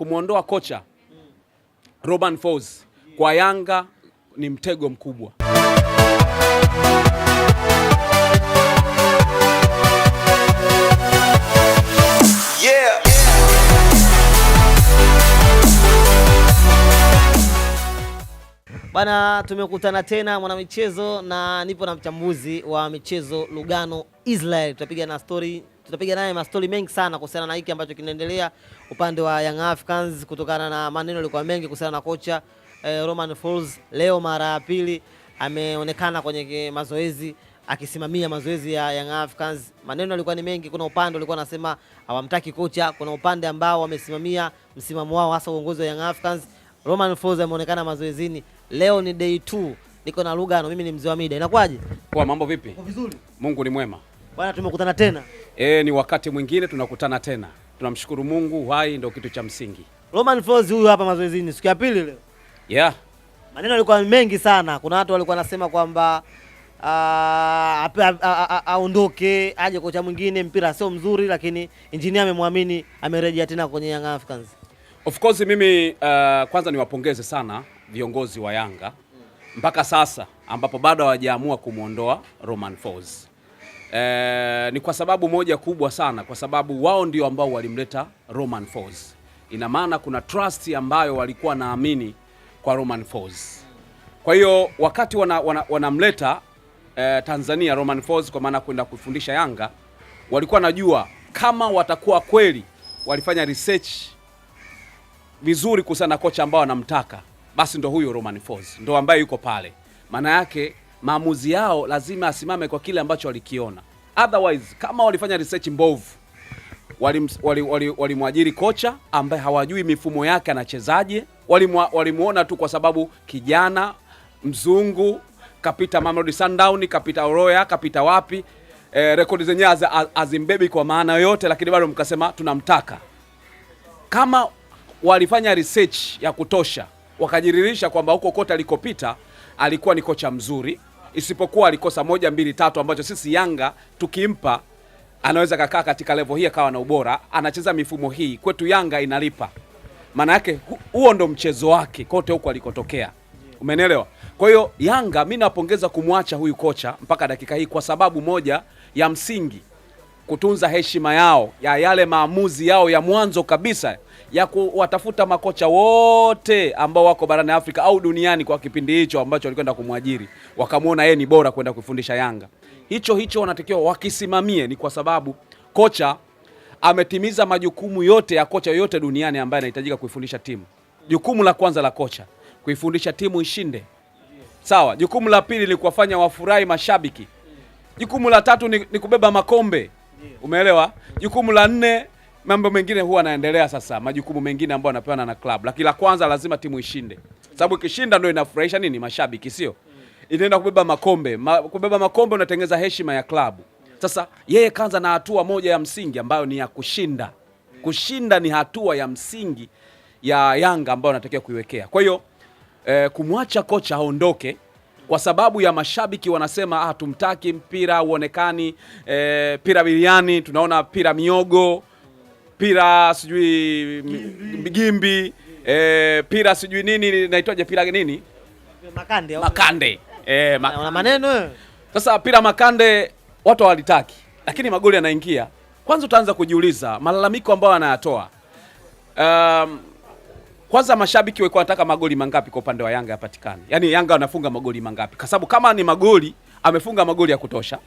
kumwondoa kocha Robin Folz kwa Yanga ni mtego mkubwa. Bana, tumekutana tena mwanamichezo, na nipo na mchambuzi wa michezo Lugano Israel. Tutapiga na story, tutapiga naye mastori mengi sana kuhusiana na hiki ambacho kinaendelea upande wa Young Africans kutokana na maneno yalikuwa mengi kuhusiana na kocha eh, Roman Falls. Leo mara ya pili ameonekana kwenye mazoezi akisimamia mazoezi ya Young Africans. Maneno yalikuwa ni mengi, kuna upande ulikuwa anasema hawamtaki kocha, kuna upande ambao wamesimamia msimamo wao, hasa uongozi wa Young Africans. Roman Falls ameonekana mazoezini leo, ni day 2 niko na Lugano, mimi ni mzee wa mida. Inakuwaje? Kwa mambo vipi? Vizuri, Mungu ni mwema bwana, tumekutana tena. E, ni wakati mwingine tunakutana tena tunamshukuru Mungu, uhai ndio kitu cha msingi. Roman Folz huyu hapa mazoezini siku ya pili leo. Yeah. Maneno yalikuwa mengi sana. Kuna watu walikuwa nasema kwamba ah, aondoke aje kocha mwingine, mpira sio mzuri, lakini injinia amemwamini, amerejea tena kwenye Young Africans. Of course mimi uh, kwanza niwapongeze sana viongozi wa Yanga mpaka sasa ambapo bado hawajaamua kumwondoa Roman Folz eh, ni kwa sababu moja kubwa sana, kwa sababu wao ndio ambao walimleta Roman Falls. Ina maana kuna trust ambayo walikuwa naamini kwa Roman Falls. Kwa hiyo wakati wanamleta wana, wana eh, Tanzania Roman Falls kwa maana kwenda kufundisha Yanga, walikuwa najua kama watakuwa kweli walifanya research vizuri kuhusiana na kocha ambao wanamtaka, basi ndo huyo Roman Falls ndo ambaye yuko pale. Maana yake maamuzi yao lazima asimame kwa kile ambacho walikiona. Otherwise, kama walifanya research mbovu, walimwajiri wali, wali, wali kocha ambaye hawajui mifumo yake anachezaje, walimuona tu kwa sababu kijana mzungu kapita Mamelodi Sundown, kapita Oroya, kapita wapi eh, rekodi zenyewe azimbebi kwa maana yoyote, lakini bado mkasema tunamtaka. Kama walifanya research ya kutosha, wakajiririsha kwamba huko kote alikopita alikuwa ni kocha mzuri isipokuwa alikosa moja mbili tatu ambacho sisi Yanga tukimpa anaweza kakaa katika level hii akawa na ubora, anacheza mifumo hii kwetu Yanga inalipa. Maana yake huo ndo mchezo wake kote huko alikotokea, umenielewa? Kwa hiyo Yanga mi napongeza kumwacha huyu kocha mpaka dakika hii kwa sababu moja ya msingi kutunza heshima yao ya yale maamuzi yao ya mwanzo kabisa ya kuwatafuta makocha wote ambao wako barani Afrika au duniani kwa kipindi hicho ambacho walikwenda kumwajiri, wakamwona yeye ni bora kwenda kufundisha Yanga. Hicho hicho wanatakiwa wakisimamie, ni kwa sababu kocha ametimiza majukumu yote ya kocha yote duniani ambaye anahitajika kuifundisha timu. Jukumu la kwanza la kocha kuifundisha timu ishinde, sawa. Jukumu la pili ni kuwafanya wafurahi mashabiki. Jukumu la tatu ni, ni kubeba makombe Umeelewa? Jukumu la nne, mambo mengine huwa anaendelea sasa, majukumu mengine ambayo anapewa na klabu, lakini la kwanza lazima timu ishinde, sababu ikishinda ndio inafurahisha nini mashabiki, sio? Mm. Inaenda kubeba makombe ma, kubeba makombe unatengeneza heshima ya klabu. Sasa yeye kaanza na hatua moja ya msingi ambayo ni ya kushinda. Mm. Kushinda ni hatua ya msingi ya Yanga ambayo anatakiwa kuiwekea. Kwa hiyo eh, kumwacha kocha aondoke kwa sababu ya mashabiki wanasema hatumtaki, ah, mpira uonekani e, pira biriani, tunaona pira miogo, pira sijui migimbi e, eh, pira sijui nini naitwaje, pira nini makande, makande. E, eh, makande. Maneno. Sasa pira makande watu hawalitaki, lakini magoli yanaingia. Kwanza utaanza kujiuliza malalamiko ambayo anayatoa um, kwanza mashabiki walikuwa wanataka magoli mangapi kwa upande wa Yanga yapatikane, yaani Yanga wanafunga magoli mangapi? Kwa sababu kama ni magoli, amefunga magoli ya kutosha.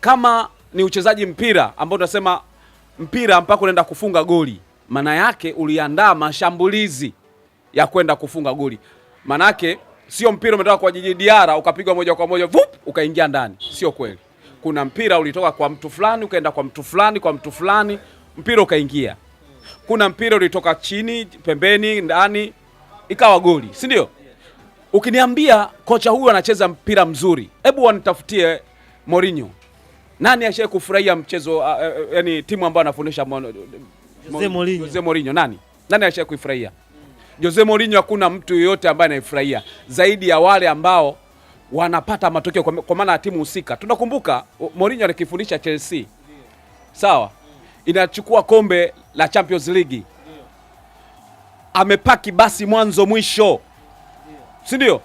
Kama ni uchezaji mpira ambao tunasema mpira mpaka unaenda kufunga goli, maana yake uliandaa mashambulizi ya kwenda kufunga goli. Maana yake sio mpira umetoka kwa jiji Diara ukapigwa moja kwa moja vup ukaingia ndani, sio kweli. Kuna mpira ulitoka kwa mtu fulani ukaenda kwa mtu fulani, kwa mtu fulani, mpira ukaingia kuna mpira ulitoka chini pembeni ndani ikawa goli, si ndio? Ukiniambia kocha huyu anacheza mpira mzuri, hebu wanitafutie Mourinho. Nani ashaye kufurahia mchezo uh, uh, yani timu ambayo anafundisha Jose Mourinho? Jose Mourinho nani? Nani ashaye kuifurahia? Jose Mourinho hakuna mtu yoyote ambaye anaifurahia zaidi ya wale ambao wanapata matokeo kwa maana ya timu husika. Tunakumbuka Mourinho alikifundisha Chelsea. Sawa? inachukua kombe la Champions League amepaki basi mwanzo mwisho, si ndio?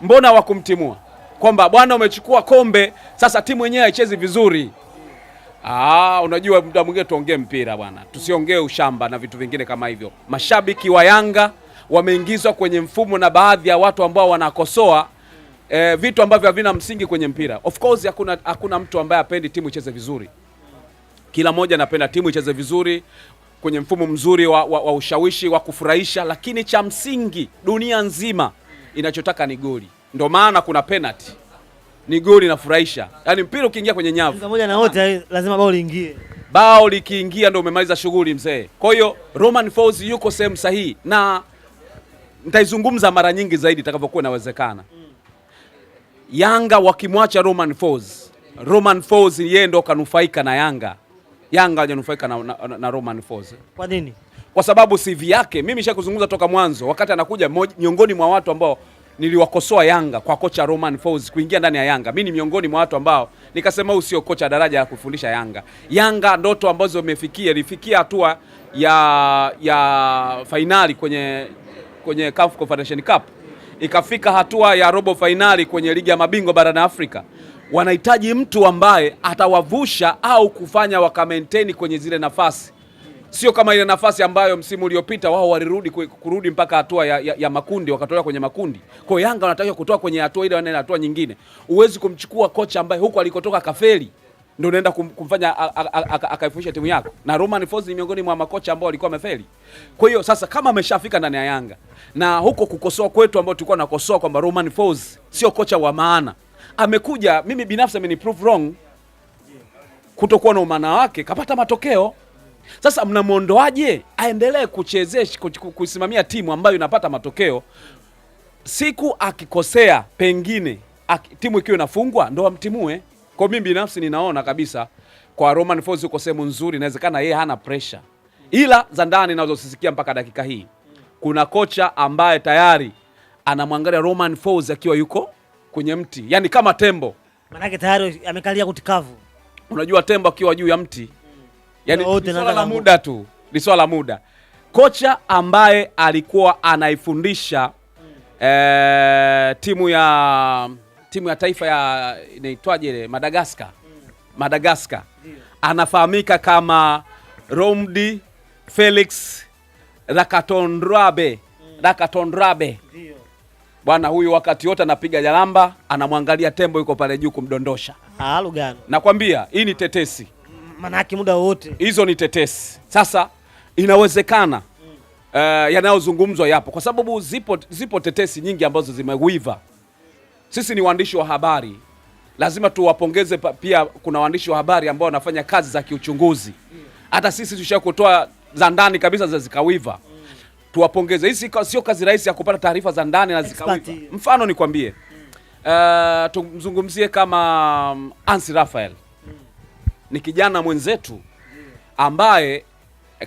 Mbona wakumtimua kwamba bwana, umechukua kombe sasa, timu yenyewe haichezi vizuri? Aa, ah, unajua muda mwingine tuongee mpira bwana, tusiongee ushamba na vitu vingine kama hivyo. Mashabiki wa Yanga wameingizwa kwenye mfumo na baadhi ya watu ambao wanakosoa eh, vitu ambavyo havina msingi kwenye mpira. Of course hakuna, hakuna mtu ambaye apendi timu icheze vizuri. Kila mmoja anapenda timu icheze vizuri kwenye mfumo mzuri wa, wa, wa ushawishi wa kufurahisha, lakini cha msingi dunia nzima inachotaka ni goli. Ndio maana kuna penalty, ni goli inafurahisha. Yaani mpira ukiingia kwenye nyavu pamoja na wote, yaani lazima bao liingie. Bao likiingia ndio umemaliza shughuli mzee. Kwa hiyo Romain Folz yuko sehemu sahihi na nitaizungumza mara nyingi zaidi itakavyokuwa inawezekana. Yanga wakimwacha Romain Folz, Romain Folz yeye ndo kanufaika na Yanga. Yanga hajanufaika na, na, na Romain Folz. Kwa nini? Kwa sababu CV yake mimi nishakuzungumza toka mwanzo, wakati anakuja miongoni mwa watu ambao niliwakosoa Yanga kwa kocha Romain Folz kuingia ndani ya Yanga. Mimi ni miongoni mwa watu ambao nikasema huyu sio kocha daraja la kufundisha Yanga. Yanga ndoto ambazo imefikia ilifikia hatua ya ya fainali kwenye kwenye CAF Confederation Cup, ikafika hatua ya robo fainali kwenye ligi ya mabingwa barani Afrika wanahitaji mtu ambaye atawavusha au kufanya waka maintain kwenye zile nafasi, sio kama ile nafasi ambayo msimu uliopita wao walirudi kurudi mpaka hatua ya, ya, ya makundi wakatoka kwenye makundi. Kwa hiyo Yanga wanatakiwa kutoka kwenye hatua ile wanaenda hatua nyingine. Uwezi kumchukua kocha ambaye huko alikotoka kafeli ndio unaenda kumfanya akaifusha timu yako, na Roman Folz ni miongoni mwa makocha ambao walikuwa wamefeli. Kwa hiyo sasa, kama ameshafika ndani ya Yanga na huko kukosoa kwetu ambao tulikuwa nakosoa kwamba Roman Folz sio kocha wa maana amekuja, mimi binafsi prove wrong kutokuwa na umana wake, kapata matokeo. Sasa mnamwondoaje aendelee kuchezesha kusimamia timu ambayo inapata matokeo? Siku akikosea pengine aki, timu ikiwa inafungwa ndo amtimue. Kwa mimi binafsi ninaona kabisa kwa Romain Folz uko sehemu nzuri, inawezekana yeye hana pressure, ila za ndani nazosisikia mpaka dakika hii kuna kocha ambaye tayari anamwangalia Romain Folz akiwa yuko kwenye mti, yani kama tembo. Manake tayari amekalia kutikavu. Unajua tembo akiwa juu ya mti, yani ni swala la muda tu, ni swala la muda. Kocha ambaye alikuwa anaifundisha eh, timu ya timu ya taifa ya inaitwaje ile Madagascar, Madagascar anafahamika kama Romdi Felix Rakatondrabe, Rakatondrabe. Bwana huyu wakati wote anapiga jalamba, anamwangalia tembo yuko pale juu kumdondosha. Ah, Lugano. Nakwambia hii ni tetesi. Maana muda wote. Hizo ni tetesi. Sasa inawezekana mm. uh, yanayozungumzwa yapo kwa sababu zipo, zipo tetesi nyingi ambazo zimewiva. Sisi ni waandishi wa habari, lazima tuwapongeze pia. Kuna waandishi wa habari ambao wanafanya kazi za kiuchunguzi, hata sisi tushakutoa za ndani kabisa za zikawiva mm tuwapongeze. Hii sio kazi rahisi ya kupata taarifa za ndani na zikawika. Mfano nikwambie, uh, eh, tumzungumzie kama mm, Ansi Rafael ni kijana mwenzetu ambaye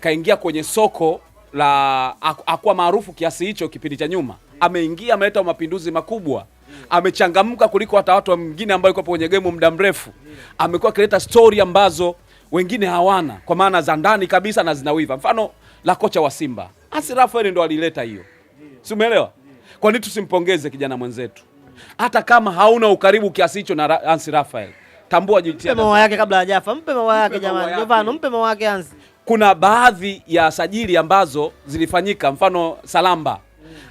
kaingia kwenye soko la akuwa maarufu kiasi hicho kipindi cha nyuma. Ameingia, ameleta mapinduzi makubwa, amechangamka kuliko hata watu wengine ambao yuko kwenye game muda mrefu. Amekuwa akileta story ambazo wengine hawana, kwa maana za ndani kabisa na zinawiva, mfano la kocha wa Simba Asi Rafael ndo alileta hiyo, si umeelewa? Kwa nini tusimpongeze kijana mwenzetu hata kama hauna ukaribu kiasi hicho na Ansi Rafael? Tambua jitihada mawa yake kabla hajafa, mpe mawa yake jamani, Jovano, mpe mawa yake Ansi. Kuna baadhi ya sajili ambazo zilifanyika, mfano Salamba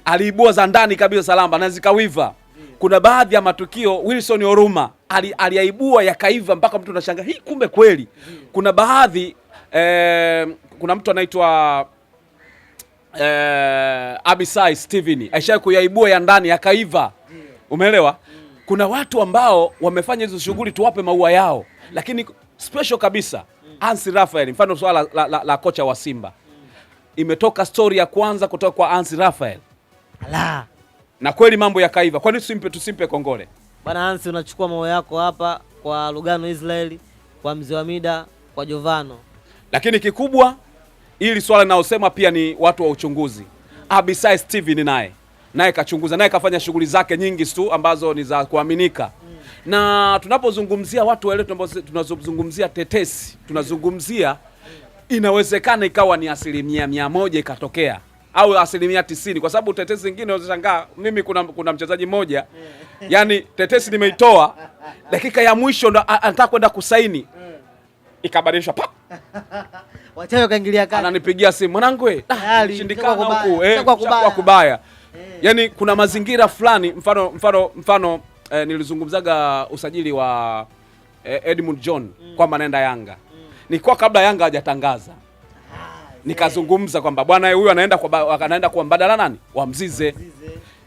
aliibua za ndani kabisa Salamba na zikawiva. Kuna baadhi ya matukio Wilson Oruma aliyaibua yakaiva mpaka mtu anashangaa hii, kumbe kweli. Kuna baadhi eh, kuna mtu anaitwa eh, Abisai Steven aisha kuyaibua ya ndani kaiva umeelewa? Kuna watu ambao wamefanya hizo shughuli, tuwape maua yao, lakini special kabisa Ansi Rafael, mfano swala la, la, la, la kocha wa Simba, imetoka stori ya kwanza kutoka kwa Ansi Rafael Ala. na kweli mambo yakaiva. Kwa nini tusimpe, tusimpe kongole bwana Ansi? Unachukua maua yako hapa kwa Lugano Israeli, kwa mzee wa Mida, kwa Jovano, lakini kikubwa hili swala linalosema pia ni watu wa uchunguzi. Abisai Steven naye naye kachunguza, naye kafanya shughuli zake nyingi tu ambazo ni za kuaminika na tunapozungumzia watu wale, tunazozungumzia tetesi, tunazungumzia inawezekana ikawa ni asilimia mia moja ikatokea au asilimia tisini, kwa sababu tetesi zingine unashangaa. Mimi kuna, kuna mchezaji mmoja yani tetesi nimeitoa dakika ya mwisho ndo anataka kwenda kusaini, ikabadilishwa wachawi kaingilia kati. Ananipigia simu mwanangu, eh, ah, shindikana huku eh, kwa kubaya eh. Yani kuna mazingira fulani, mfano mfano mfano eh, nilizungumzaga usajili wa eh, Edmund John mm. kwamba anaenda Yanga mm. nilikuwa kabla Yanga hajatangaza ah, nikazungumza kwamba bwana eh, huyu anaenda kwa anaenda kwa mbadala nani wa Mzize.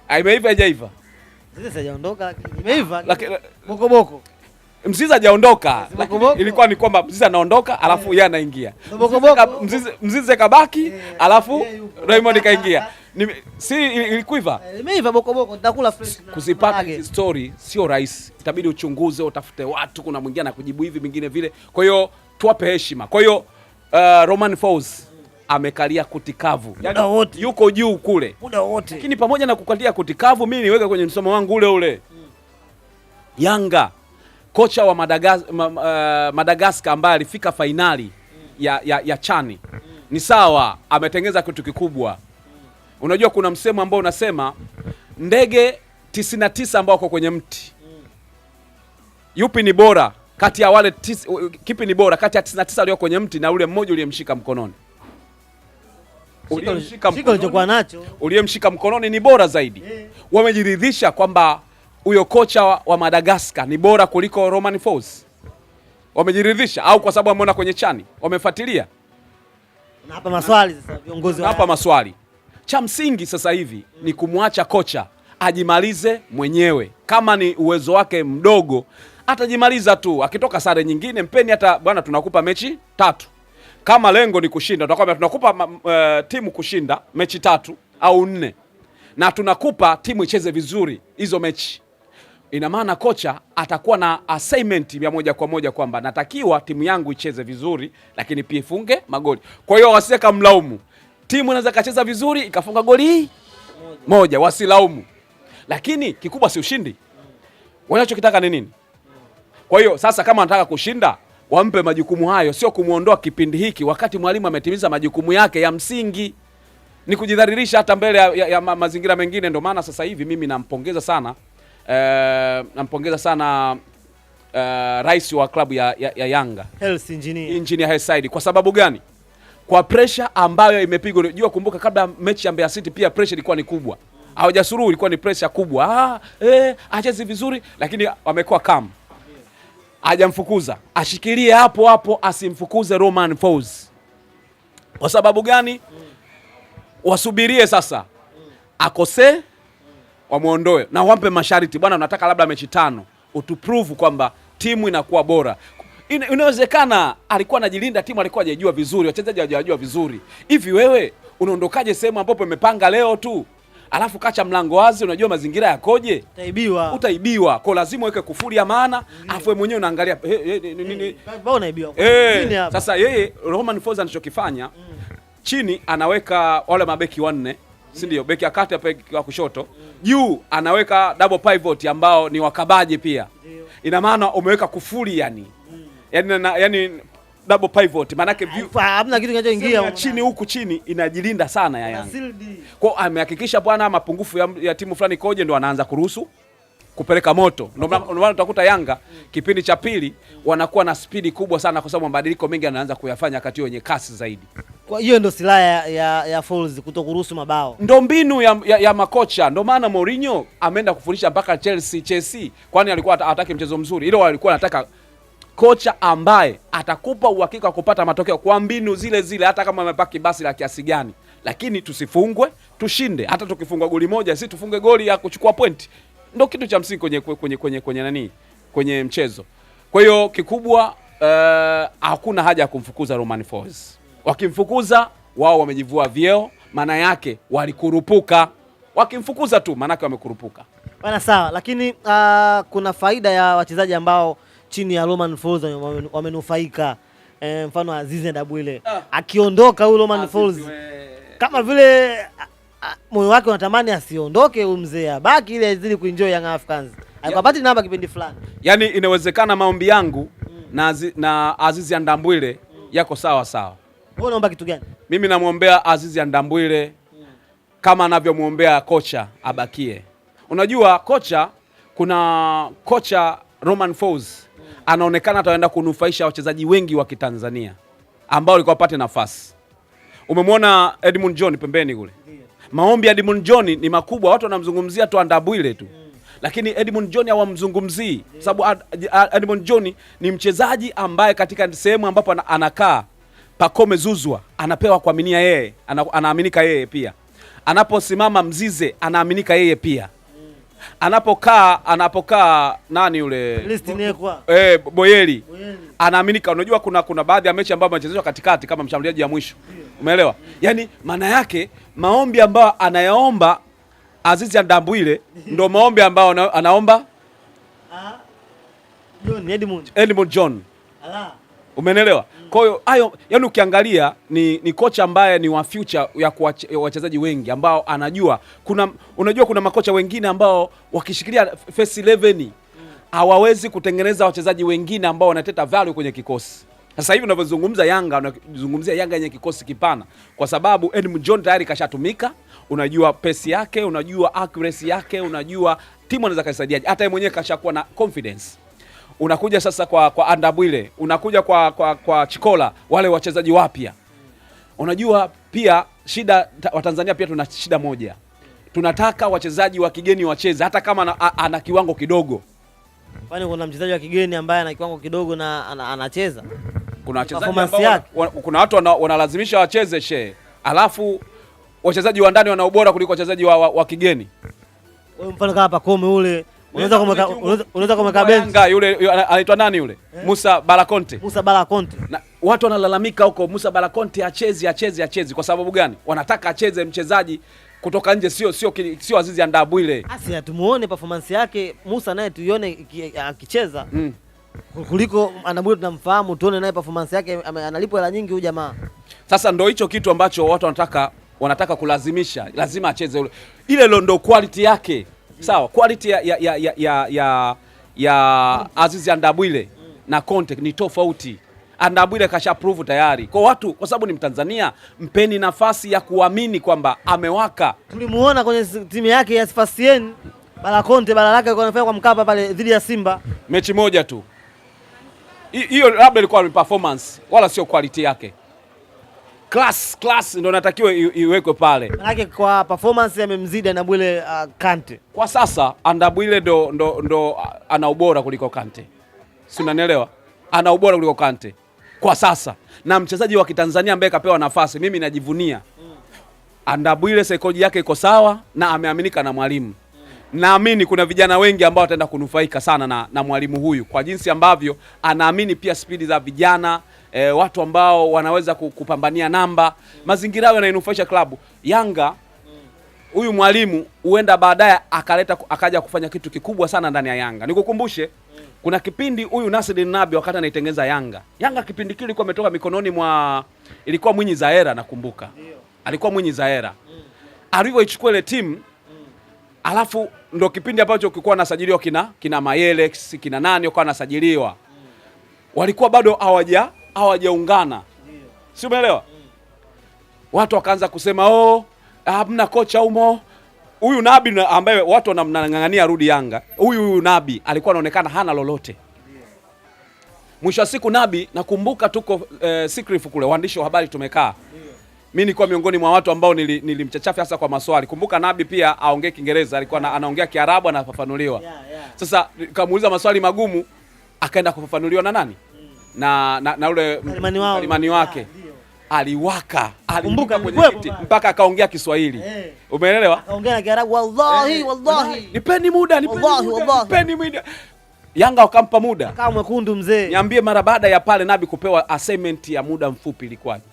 Ah, imeiva haijaiva? Mzize hajaondoka lakini imeiva. Boko boko. Mzizi hajaondoka, ilikuwa ni kwamba Mzizi anaondoka alafu eh. yeye anaingia Mzizi, kabaki eh, alafu Raymond kaingia. Si ilikuiva eh, kuzipata story sio rahisi, itabidi uchunguze, utafute watu, kuna mwingine anakujibu hivi, mingine vile. Kwa hiyo tuwape heshima. Kwa hiyo uh, Roman Folz amekalia kutikavu yani, yuko juu kule muda wote, lakini pamoja na kukalia kutikavu, mimi niweka kwenye msomo wangu ule ule hmm. Yanga kocha wa Madagas, ma, uh, ambaye alifika fainali ya, ya, ya chani ni sawa, ametengeza kitu kikubwa. Unajua kuna msemo ambao unasema ndege 99 ambao wako kwenye mti, yupi ni bora kati ya wale tis, kipi ni bora kati ya 99 walio kwenye mti na ule mmoja uliyemshika mkononi? Uliyemshika mkononi, uliyemshika mkononi ni bora zaidi. Eh. Wamejiridhisha kwamba huyo kocha wa, wa Madagascar ni bora kuliko Romain Folz? Wamejiridhisha au kwa sababu wameona kwenye chani wamefuatilia? Na hapa maswali sasa viongozi wa hapa maswali. Cha msingi sasa hivi mm, ni kumwacha kocha ajimalize mwenyewe. Kama ni uwezo wake mdogo, atajimaliza tu. Akitoka sare nyingine, mpeni hata bwana, tunakupa mechi tatu. Kama lengo ni kushinda, tutakwambia tunakupa uh, timu kushinda mechi tatu au nne, na tunakupa timu icheze vizuri hizo mechi ina maana kocha atakuwa na assignment ya moja kwa moja kwamba natakiwa timu yangu icheze vizuri, lakini pia ifunge magoli. Kwa hiyo wasije kumlaumu timu, inaweza kacheza vizuri ikafunga goli moja, moja, wasilaumu, lakini kikubwa si ushindi, wanachokitaka ni nini? Kwa hiyo sasa, kama anataka kushinda wampe majukumu hayo, sio kumwondoa kipindi hiki wakati mwalimu ametimiza majukumu yake ya msingi. Ni kujidhalilisha hata mbele ya, ya, ya mazingira mengine. Ndio maana sasa hivi mimi nampongeza sana Eh, nampongeza sana uh, rais wa klabu ya, ya, ya Yanga Health Engineer, Engineer Health Kwa sababu gani? Kwa presha ambayo imepigwa. Jua kumbuka, kabla ya mechi ya Mbeya City pia presha ilikuwa ni kubwa, hawajasuruhu ilikuwa ni presha kubwa. Ah, eh, achezi vizuri, lakini wamekuwa kam hajamfukuza ashikilie hapo hapo, asimfukuze Roman Fos. Kwa sababu gani? Wasubirie sasa akosee wamuondoe na wampe masharti, bwana, unataka labda mechi tano utuprove kwamba timu inakuwa bora. Inawezekana alikuwa anajilinda, timu alikuwa hajajua vizuri, wachezaji hawajajua vizuri. Hivi wewe unaondokaje sehemu ambapo imepanga leo tu, alafu kacha mlango wazi? Unajua mazingira yakoje, utaibiwa, utaibiwa. Kwa lazima uweke kufuri ya maana, alafu wewe mwenyewe unaangalia eh, Sasa yeye Roman Folz anachokifanya mm. chini, anaweka wale mabeki wanne si ndio? Beki ya kati wa kushoto juu anaweka double pivot ambao ni wakabaji pia, ina maana umeweka kufuli yani, yani, na, yani double pivot maanake hamna kitu kinachoingia chini huku chini, inajilinda sana ya Yanga kwao. Amehakikisha bwana mapungufu ya, ya timu fulani koje, ndo anaanza kuruhusu kupeleka moto. Ndio maana utakuta Yanga kipindi cha pili wanakuwa na spidi kubwa sana, kwa sababu mabadiliko mengi anaanza kuyafanya wakati wenye kasi zaidi. Kwa hiyo ndo silaha ya, ya, ya Folz kutokuruhusu mabao, ndo mbinu ya, ya, ya makocha. Ndo maana Mourinho ameenda kufundisha mpaka Chelsea Chelsea, kwani alikuwa hataki mchezo mzuri, ilo walikuwa anataka kocha ambaye atakupa uhakika wa kupata matokeo kwa mbinu zile zile, hata kama amepaki basi la kiasi gani, lakini tusifungwe, tushinde. Hata tukifungwa goli moja, si tufunge goli ya kuchukua point, ndo kitu cha msingi kwenye, kwenye, kwenye, kwenye nani, kwenye mchezo. Kwa hiyo kikubwa, uh, hakuna haja ya kumfukuza Romain Folz. Wakimfukuza wao wamejivua vyeo, maana yake walikurupuka. Wakimfukuza tu maana yake wamekurupuka bana. Sawa, lakini uh, kuna faida ya wachezaji ambao chini ya Roman Falls wamenufaika. E, mfano Azizi Ndabwile uh, ah. akiondoka huyu Romain Folz kama vile ah, moyo wake unatamani asiondoke, huyu mzee abaki ili azidi kuenjoy Young Africans. Alipapati namba kipindi fulani, yaani inawezekana maombi yangu mm, na, na Azizi Ndabwile mm, yako sawa sawa wewe unaomba kitu gani? Mimi namwombea Azizi ya Ndambwile kama anavyomwombea kocha abakie. Unajua kocha kuna kocha Roman Falls anaonekana ataenda kunufaisha wachezaji wengi wa Kitanzania ambao walikuwa wapate nafasi. Umemwona Edmund John pembeni kule. Maombi ya Edmund John ni makubwa, watu wanamzungumzia tu Ndambwile tu lakini Edmund John hawamzungumzii, sababu Edmund John ni mchezaji ambaye katika sehemu ambapo anakaa Pacome Zuzwa anapewa kuaminia yeye, anaaminika yeye pia. Anaposimama Mzize anaaminika yeye pia. Anapokaa anapokaa nani yule eh, Boyeli anaaminika. Unajua kuna kuna baadhi ya mechi ambayo amechezeshwa katikati kama mshambuliaji ya mwisho, umeelewa? Yaani maana yake maombi ambayo anayaomba Azizi Ndambwile ndo maombi ambayo anaomba ah, Edmund John Ala. Umenelewa? Kwa hiyo hayo, yani ukiangalia ni, ni kocha ambaye ni wa future ya wachezaji wengi ambao anajua kuna, unajua kuna makocha wengine ambao wakishikilia first 11 hawawezi kutengeneza wachezaji wengine ambao wanateta value kwenye kikosi. Sasa hivi unavyozungumza Yanga unazungumzia Yanga yenye kikosi kipana, kwa sababu Edmund John tayari kashatumika. Unajua pesi yake, unajua accuracy yake, unajua timu anaweza kaisaidiaje. Hata yeye mwenyewe kashakuwa na confidence unakuja sasa kwa, kwa Andabwile unakuja kwa, kwa, kwa Chikola, wale wachezaji wapya. Unajua pia shida Tanzania pia tuna shida moja, tunataka wachezaji wa kigeni wacheze hata kama ana, ana kiwango kidogo. Kwani kuna mchezaji wa kigeni ambaye ana kiwango kidogo na ana, anacheza kuna wachezaji ambao kuna watu wanalazimisha wacheze she, alafu wachezaji wa ndani wana ubora kuliko wachezaji wa, wa, wa kigeni. Wewe mfano kama Pakome ule unaweza kumweka unaweza kumweka benchi Yanga yule anaitwa nani yule? Eh? Musa Balakonte. Musa Balakonte. Na watu wanalalamika huko Musa Balakonte achezi achezi achezi kwa sababu gani? Wanataka acheze mchezaji kutoka nje sio sio sio Azizi ile Asi tumuone performance yake Musa naye tuione akicheza. Mm. Kuliko anabudi tunamfahamu tuone naye performance yake analipwa hela nyingi huyu jamaa. Sasa ndo hicho kitu ambacho watu wanataka wanataka kulazimisha lazima acheze ule. Ile ndo quality yake sawa. Quality ya, ya, ya, ya, ya, ya Azizi Andabwile na Conte ni tofauti. Andabwile kasha prove tayari kwa watu, kwa sababu ni Mtanzania. Mpeni nafasi ya kuamini kwamba amewaka. Tulimuona kwenye timu yake ya Sfaxien, bala Conte bala lake kwa Mkapa pale dhidi ya Simba, mechi moja tu hiyo, labda ilikuwa ni performance, wala sio quality yake class class ndo natakiwa iwekwe pale, manake kwa performance amemzidi Andabwile uh, Kante kwa sasa. Andabwile ndo, ndo, ndo uh, ana ubora kuliko Kante, si unanielewa? Ana ubora kuliko Kante kwa sasa, na mchezaji wa Kitanzania ambaye kapewa nafasi, mimi najivunia Andabwile. Saikoji yake iko sawa na ameaminika na mwalimu naamini kuna vijana wengi ambao wataenda kunufaika sana na, na mwalimu huyu kwa jinsi ambavyo anaamini pia spidi za vijana e, watu ambao wanaweza kupambania namba, mazingira yao yanainufaisha klabu Yanga. Huyu mwalimu huenda baadaye akaleta akaja kufanya kitu kikubwa sana ndani ya Yanga. Nikukumbushe, kuna kipindi huyu Nasreddine Nabi wakati anaitengeneza Yanga, Yanga kipindi kile ilikuwa imetoka mikononi mwa ilikuwa Mwinyi Zahera, nakumbuka alikuwa Mwinyi Zahera alivyoichukua ile timu alafu ndo kipindi ambacho kilikuwa nasajiliwa kina kina Mayelex kina nani wakawa nasajiliwa, walikuwa bado hawaja hawajaungana, si umeelewa? Watu wakaanza kusema oh, hamna kocha umo huyu Nabi ambaye watu wanamng'ang'ania rudi Yanga, huyu huyu Nabi alikuwa anaonekana hana lolote. Mwisho wa siku Nabi, nakumbuka tuko eh, Sikrifu kule, waandishi wa habari tumekaa, mi nilikuwa miongoni mwa watu ambao nilimchachafi nili hasa kwa maswali. Kumbuka Nabi pia aongee Kiingereza, alikuwa yeah. anaongea Kiarabu, anafafanuliwa. yeah, yeah. Sasa kamuuliza maswali magumu, akaenda kufafanuliwa na nani? na, na, na ule mlimani wake aliwaka alikumbuka kwenye kiti mpaka akaongea Kiswahili hey. Eh. Umeelewa? Akaongea na Kiarabu, wallahi eh. wallahi, nipeni muda, nipeni muda. wallahi. Nipeni muda. Yanga wakampa muda akawa mwekundu mzee. Niambie, mara baada ya pale Nabi kupewa assignment ya muda mfupi ilikuwaje?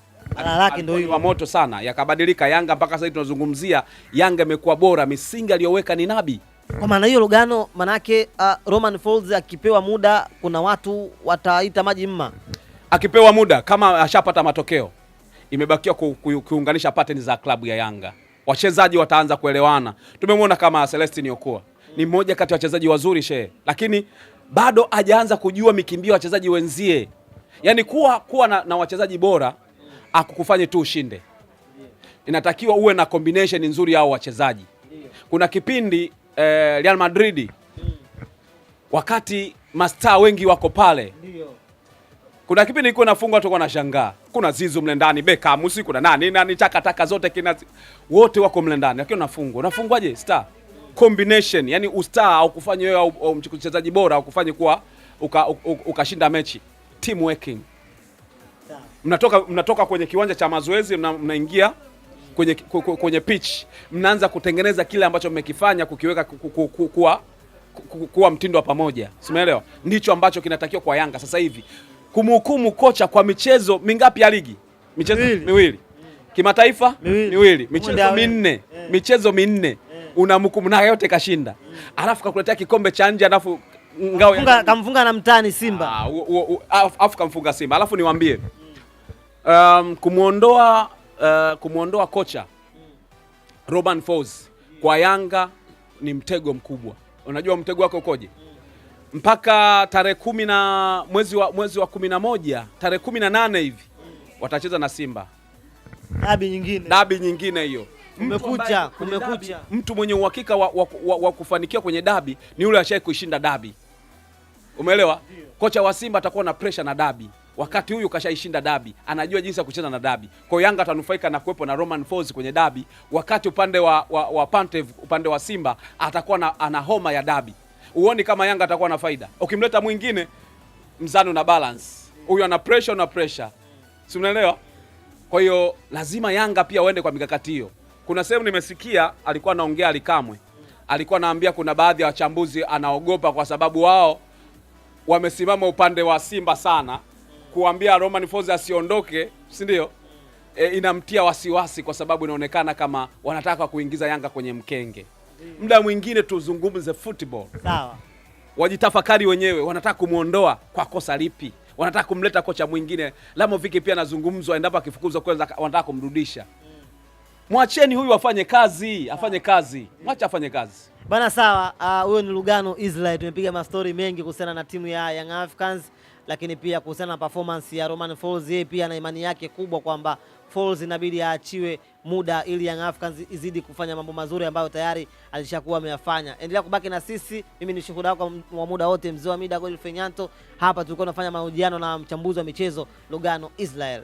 Lake ndio hiyo moto sana, yakabadilika Yanga mpaka sasa tunazungumzia Yanga imekuwa bora, misingi aliyoweka ni Nabi. Kwa maana hiyo Lugano, manake uh, Roman Falls akipewa muda, kuna watu wataita maji mma. Akipewa muda kama ashapata matokeo, imebakia kuunganisha pattern za klabu ya Yanga, wachezaji wataanza kuelewana. Tumemwona kama Celestine Okoa ni mmoja kati ya wachezaji wazuri shehe, lakini bado hajaanza kujua mikimbio wachezaji wenzie. Yaani kuwa, kuwa na, na wachezaji bora akukufanye tu ushinde, inatakiwa uwe na combination nzuri ya wachezaji. Kuna kipindi eh, Real Madrid mm. wakati mastaa wengi wako pale Ndiyo. kuna kipindi iko nafungwa tu na shangaa kuna Zizu mle ndani, Beckham, si kuna nani nani, takataka zote kina wote wako mle ndani, lakini unafungwa. Unafungwaje? star combination, yani ustar au kufanya wewe au, mchezaji bora au kufanya kuwa ukashinda uka mechi team working. Mnatoka, mnatoka kwenye kiwanja cha mazoezi mnaingia mna kwenye, kwenye pitch mnaanza kutengeneza kile ambacho mmekifanya kukiweka kuwa kuwa mtindo wa pamoja, simeelewa? Ndicho ambacho kinatakiwa kwa Yanga sasa hivi, kumhukumu kocha kwa michezo mingapi ya ligi? Michezo miwili, kimataifa miwili, eh. michezo minne, michezo eh. minne unamhukumu na yote kashinda, alafu kakuletea kikombe cha nje, alafu ngao kamfunga na mtani Simba, ah, alafu kamfunga Simba. Alafu niwaambie um, kumwondoa uh, kumwondoa kocha Robin Falls kwa Yanga ni mtego mkubwa. Unajua mtego wake ukoje? Mpaka tarehe kumi na mwezi wa, mwezi wa kumi na moja tarehe kumi na nane hivi watacheza na Simba dabi nyingine, dabi nyingine hiyo. Kumekucha, kumekucha. Mtu mwenye uhakika wa, wa, wa, wa kufanikiwa kwenye dabi ni yule ashaye kuishinda dabi, umeelewa? Kocha wa Simba atakuwa na pressure na dabi wakati huyu kashaishinda dabi, anajua jinsi ya kucheza na dabi. Kwa hiyo Yanga atanufaika na kuwepo na Roman Folz kwenye dabi, wakati upande wa, wa, wa Pantev upande wa Simba atakuwa na, ana homa ya dabi. Uoni kama Yanga atakuwa na faida? Ukimleta mwingine mzani na balance, huyu ana pressure na pressure, si unaelewa? Kwa hiyo lazima Yanga pia waende kwa mikakati hiyo. Kuna sehemu nimesikia alikuwa anaongea Alikamwe, alikuwa anaambia kuna baadhi ya wachambuzi anaogopa kwa sababu wao wamesimama upande wa Simba sana kuambia Roman Folz asiondoke, si ndio? E, inamtia wasiwasi kwa sababu inaonekana kama wanataka kuingiza Yanga kwenye mkenge. Muda mwingine tuzungumze football. Sawa. Wajitafakari wenyewe wanataka kumwondoa kwa kosa lipi? Wanataka kumleta kocha mwingine. lamo viki pia anazungumzwa endapo akifukuzwa kwanza wanataka kumrudisha. Mwacheni huyu afanye kazi, afanye kazi. Mwacha afanye kazi. Bana sawa, ah, huyo uh, ni Lugano Israel. Tumepiga mastori mengi kuhusiana na timu ya Young Africans lakini pia kuhusiana na performance ya Romain Folz, yeye pia ana imani yake kubwa kwamba Folz inabidi aachiwe muda ili Young Africans izidi kufanya mambo mazuri ambayo tayari alishakuwa ameyafanya. Endelea kubaki na sisi, mimi ni shuhuda wako wa muda wote, mzee wa mida Godfrey Nyanto. Hapa tulikuwa tunafanya mahojiano na mchambuzi wa michezo Lugano Israel.